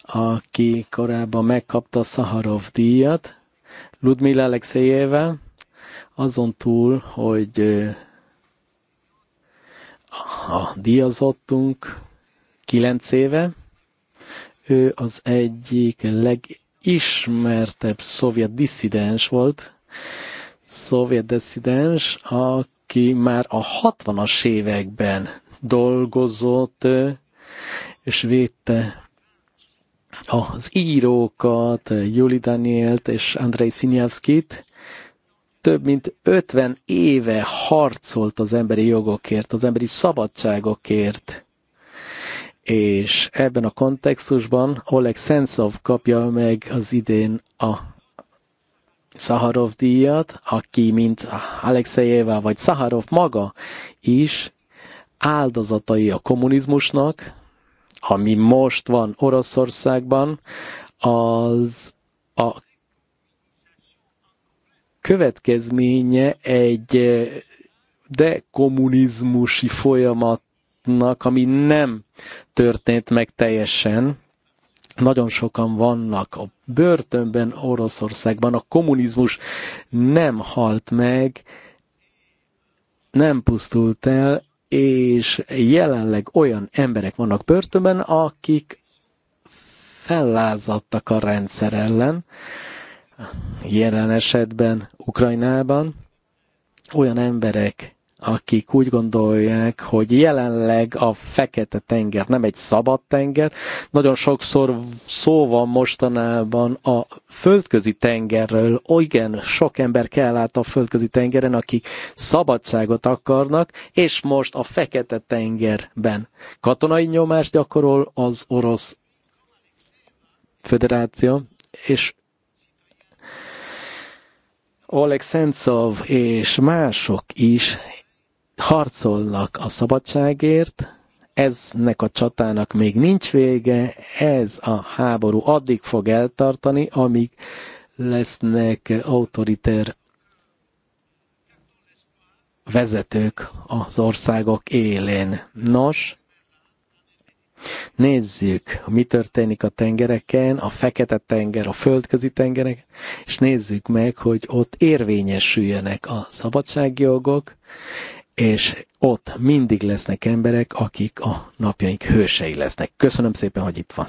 Speaker 3: aki korábban megkapta a Szaharov díjat. Ludmilla Alexejeva azon túl, hogy a díjazottunk kilenc éve. Ő az egyik legismertebb szovjet disszidens volt, szovjet disszidens, aki már a 60-as években dolgozott, és védte az írókat, Juli Danielt és Andrei Színjavszkit, több mint 50 éve harcolt az emberi jogokért, az emberi szabadságokért. És ebben a kontextusban Oleg Senszov kapja meg az idén a Szaharov díjat, aki, mint Alexejeva vagy Szaharov maga is áldozatai a kommunizmusnak, ami most van Oroszországban, az a következménye egy eh, dekommunizmusi folyamatnak, ami nem történt meg teljesen. Nagyon sokan vannak a börtönben Oroszországban, a kommunizmus nem halt meg, nem pusztult el, és jelenleg olyan emberek vannak börtönben, akik fellázadtak a rendszer ellen, jelen esetben Ukrajnában olyan emberek, akik úgy gondolják, hogy jelenleg a fekete tenger nem egy szabad tenger. Nagyon sokszor szó van mostanában a földközi tengerről. Ó, igen, sok ember kell át a földközi tengeren, akik szabadságot akarnak, és most a fekete tengerben katonai nyomást gyakorol az orosz federáció és Oleg Szentszov és mások is harcolnak a szabadságért, eznek a csatának még nincs vége, ez a háború addig fog eltartani, amíg lesznek autoriter vezetők az országok élén. Nos, Nézzük, mi történik a tengereken, a Fekete-tenger, a földközi tengereken, és nézzük meg, hogy ott érvényesüljenek a szabadságjogok, és ott mindig lesznek emberek, akik a napjaink hősei lesznek. Köszönöm szépen, hogy itt van.